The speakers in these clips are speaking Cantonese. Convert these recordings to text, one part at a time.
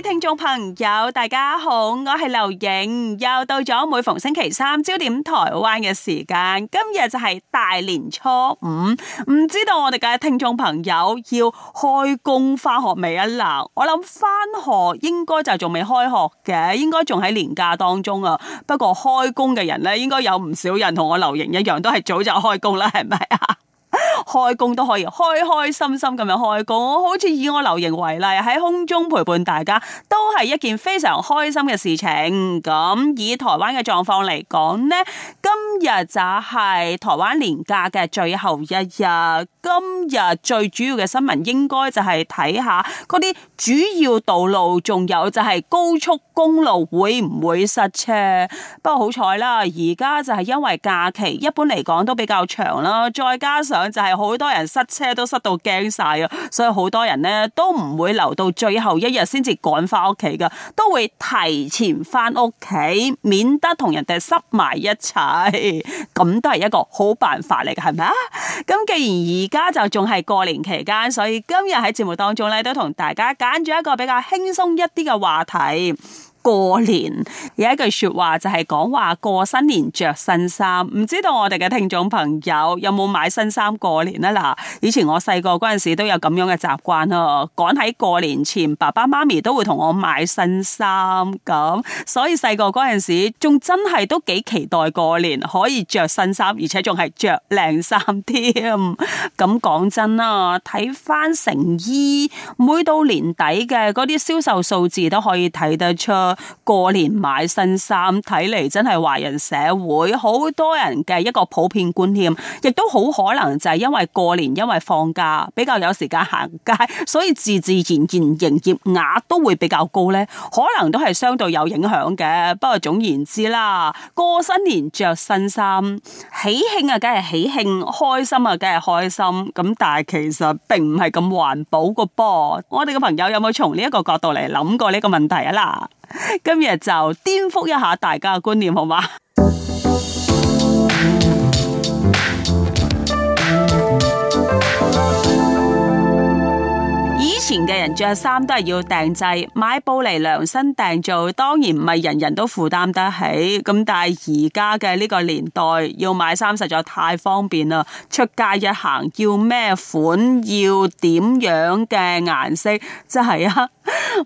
聽眾朋友，大家好，我係劉穎，又到咗每逢星期三朝點台灣嘅時間，今日就係大年初五，唔知道我哋嘅聽眾朋友要開工翻學未啊？嗱，我諗翻學應該就仲未開學嘅，應該仲喺年假當中啊。不過開工嘅人呢，應該有唔少人同我劉穎一樣，都係早就開工啦，係咪啊？開工都可以，開開心心咁樣開工。好似以我劉認為例，喺空中陪伴大家都係一件非常開心嘅事情。咁以台灣嘅狀況嚟講呢，今日就係台灣年假嘅最後一日。今日最主要嘅新聞應該就係睇下嗰啲主要道路，仲有就係高速公路會唔會塞車。不過好彩啦，而家就係因為假期一般嚟講都比較長啦，再加上就係但係好多人塞車都塞到驚晒啊！所以好多人咧都唔會留到最後一日先至趕翻屋企噶都會提前翻屋企，免得同人哋塞埋一齊。咁都係一個好辦法嚟嘅，係咪啊？咁既然而家就仲係過年期間，所以今日喺節目當中咧都同大家揀咗一個比較輕鬆一啲嘅話題。過年有一句說話就係講話，過新年着新衫，唔知道我哋嘅聽眾朋友有冇買新衫過年呀嗱？以前我細個嗰陣時都有咁樣嘅習慣咯，趕喺過年前，爸爸媽咪都會同我買新衫，咁所以細個嗰陣時仲真係都幾期待過年可以着新衫，而且仲係着靚衫添。咁講真啦，睇翻，成衣每到年底嘅嗰啲銷售數字都可以睇得出。過年買新衫，睇嚟真係華人社會好多人嘅一個普遍觀念，亦都好可能就係因為過年，因為放假比較有時間行街，所以自自然然營業額都會比較高呢，可能都係相對有影響嘅。不過總言之啦，過新年着新衫，喜慶啊，梗係喜慶，開心啊，梗係開心。咁但係其實並唔係咁環保個噃。我哋嘅朋友有冇從呢一個角度嚟諗過呢個問題啊？嗱。今日就顛覆一下大家嘅觀念，好嗎？嘅人着衫都係要定製，買布嚟量身訂做，當然唔係人人都負擔得起。咁但係而家嘅呢個年代，要買衫實在太方便啦！出街一行要咩款，要點樣嘅顏色，即係啊！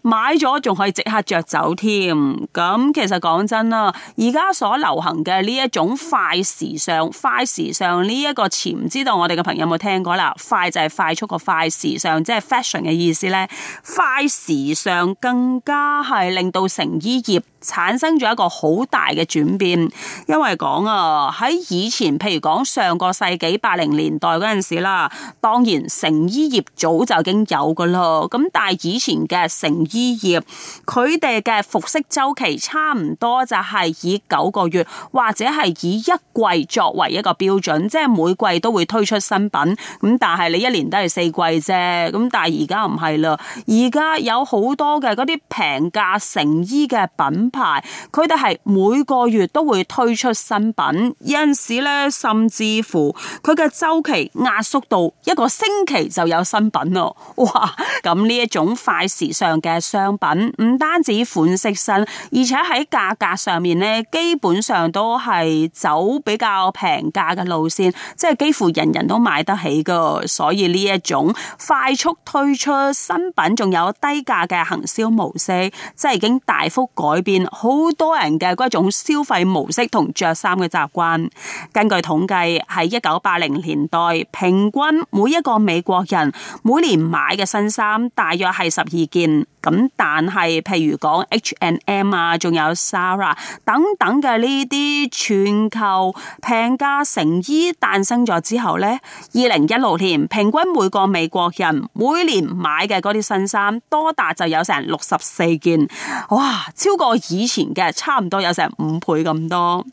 買咗仲可以即刻着走添。咁其實講真啦，而家所流行嘅呢一種快時尚，快時尚呢一個詞，唔知道我哋嘅朋友有冇聽過啦？快就係快速個快，時尚即係 fashion 嘅意思。呢快時尚更加係令到成衣業，產生咗一個好大嘅轉變，因為講啊喺以前，譬如講上個世紀八零年代嗰陣時啦，當然成衣業早就已經有噶啦。咁但係以前嘅成衣業，佢哋嘅服飾周期差唔多就係以九個月或者係以一季作為一個標準，即係每季都會推出新品。咁但係你一年都係四季啫。咁但係而家唔係啦，而家有好多嘅嗰啲平價成衣嘅品牌佢哋係每個月都會推出新品，有陣時咧甚至乎佢嘅周期壓縮到一個星期就有新品咯。哇！咁呢一種快時尚嘅商品，唔單止款式新，而且喺價格上面咧，基本上都係走比較平價嘅路線，即係幾乎人人都買得起噶。所以呢一種快速推出新品，仲有低價嘅行銷模式，即係已經大幅改變。好多人嘅嗰一種消費模式同着衫嘅習慣，根據統計，喺一九八零年代，平均每一個美國人每年買嘅新衫大約係十二件。咁但係，譬如講 H and M 啊，仲有 Zara 等等嘅呢啲全球平價成衣誕生咗之後呢，二零一六年平均每個美國人每年買嘅嗰啲新衫多達就有成六十四件，哇！超過以前嘅差唔多有成五倍咁多。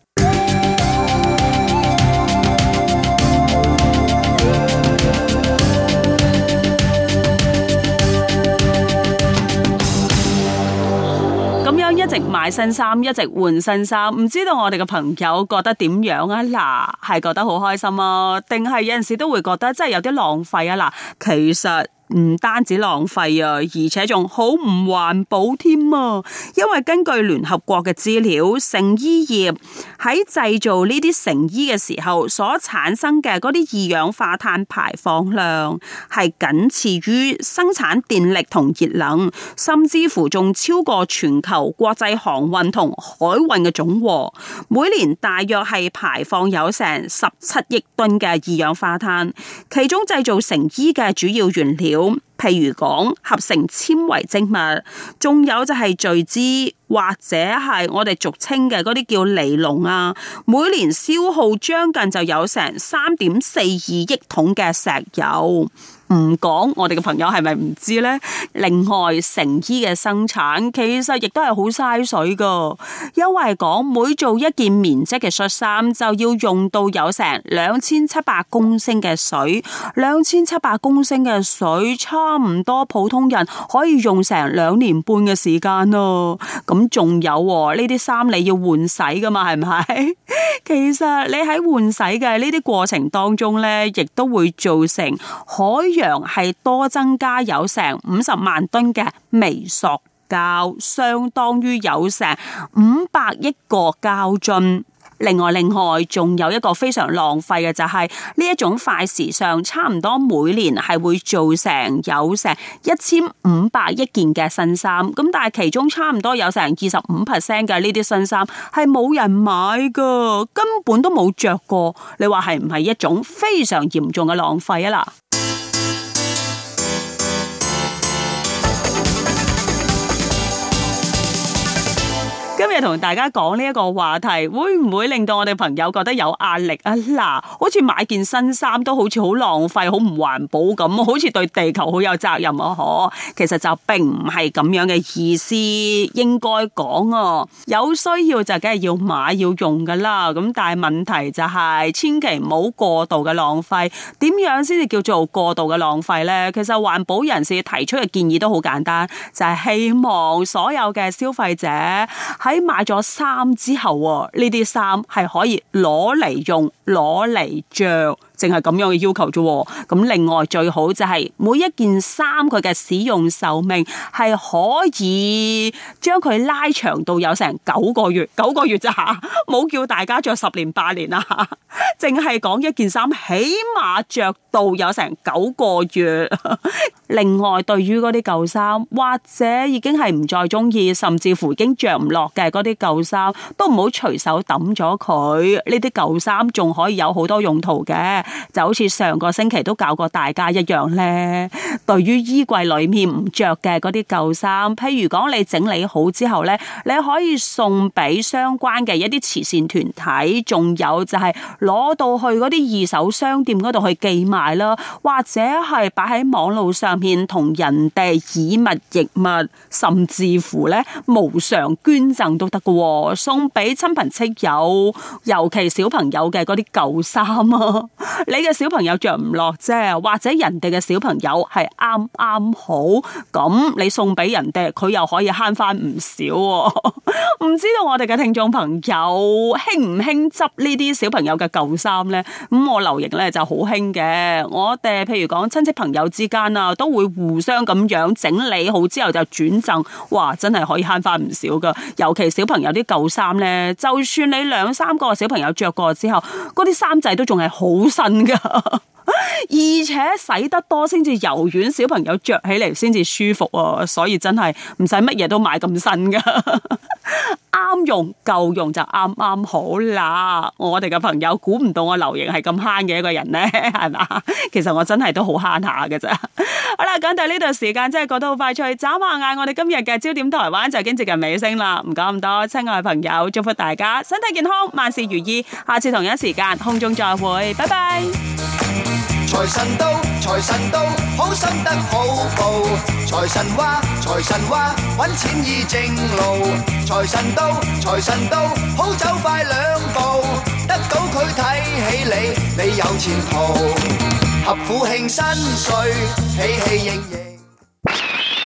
一直買新衫，一直換新衫，唔知道我哋嘅朋友覺得點樣啊？嗱，係覺得好開心啊，定係有陣時都會覺得真係有啲浪費啊？嗱，其實。唔單止浪費啊，而且仲好唔環保添啊！因為根據聯合國嘅資料，成衣業喺製造呢啲成衣嘅時候所產生嘅啲二氧化碳排放量，係僅次於生產電力同熱能，甚至乎仲超過全球國際航運同海運嘅總和。每年大約係排放有成十七億噸嘅二氧化碳，其中製造成衣嘅主要原料。譬如講合成纖維織物，仲有就係聚酯或者係我哋俗稱嘅嗰啲叫尼龍啊，每年消耗將近就有成三點四二億桶嘅石油。唔講，我哋嘅朋友係咪唔知咧？另外成衣嘅生產其實亦都係好嘥水噶因為講每做一件棉質嘅恤衫，就要用到有成兩千七百公升嘅水。兩千七百公升嘅水，差唔多普通人可以用成兩年半嘅時間咯。咁仲有呢啲衫你要換洗噶嘛？係唔係？ 其實你喺換洗嘅呢啲過程當中咧，亦都會造成海。係多增加有成五十萬噸嘅微塑膠，相當於有成五百億個膠樽。另外，另外仲有一個非常浪費嘅就係呢一種快時尚，差唔多每年係會做成有成一千五百億件嘅新衫。咁但係其中差唔多有成二十五 percent 嘅呢啲新衫係冇人買㗎，根本都冇着過。你話係唔係一種非常嚴重嘅浪費啊？嗱。同大家講呢一個話題，會唔會令到我哋朋友覺得有壓力啊？嗱，好似買件新衫都好似好浪費，好唔環保咁，好似對地球好有責任啊？嗬，其實就並唔係咁樣嘅意思，應該講哦，有需要就梗係要買要用噶啦。咁但係問題就係，千祈唔好過度嘅浪費。點樣先至叫做過度嘅浪費呢？其實環保人士提出嘅建議都好簡單，就係希望所有嘅消費者喺。買咗衫之後，呢啲衫係可以攞嚟用，攞嚟着。淨係咁樣嘅要求啫，咁另外最好就係、是、每一件衫佢嘅使用壽命係可以將佢拉長到有成九個月，九個月咋吓，冇、啊、叫大家着十年八年啦！淨係講一件衫起碼着到有成九個月。 另外，對於嗰啲舊衫或者已經係唔再中意，甚至乎已經着唔落嘅嗰啲舊衫，都唔好隨手抌咗佢。呢啲舊衫仲可以有好多用途嘅。就好似上個星期都教過大家一樣咧，對於衣櫃裏面唔着嘅嗰啲舊衫，譬如講你整理好之後呢，你可以送俾相關嘅一啲慈善團體，仲有就係攞到去嗰啲二手商店嗰度去寄賣咯，或者係擺喺網路上面同人哋以物易物，甚至乎呢無償捐贈都得㗎，送俾親朋戚友，尤其小朋友嘅嗰啲舊衫啊。你嘅小朋友着唔落啫，或者人哋嘅小朋友係啱啱好，咁你送俾人哋，佢又可以慳返唔少、哦 唔知道我哋嘅聽眾朋友興唔興執呢啲小朋友嘅舊衫呢？咁、嗯、我留意咧就好興嘅，我哋譬如講親戚朋友之間啊，都會互相咁樣整理好之後就轉贈，哇！真係可以慳翻唔少噶，尤其小朋友啲舊衫呢，就算你兩三個小朋友着過之後，嗰啲衫仔都仲係好新噶。 而且洗得多先至柔軟，小朋友着起嚟，先至舒服哦、啊。所以真係唔使乜嘢都買咁新噶， 啱用、夠用就啱啱好啦。我哋嘅朋友估唔到我劉型係咁慳嘅一個人呢，係嘛？其實我真係都省省 好慳下嘅咋。好啦，講到呢段時間真係過得好快趣。眨下眼，我哋今日嘅焦點台灣就已經接近尾聲啦。唔講咁多，親愛朋友，祝福大家身體健康，萬事如意。下次同一時間空中再會，拜拜。財神到，財神到，好心得好報。財神話，財神話，揾錢依正路。財神到，財神到，好走快兩步。得到佢睇起你，你有前途。合府慶新歲，喜氣盈盈。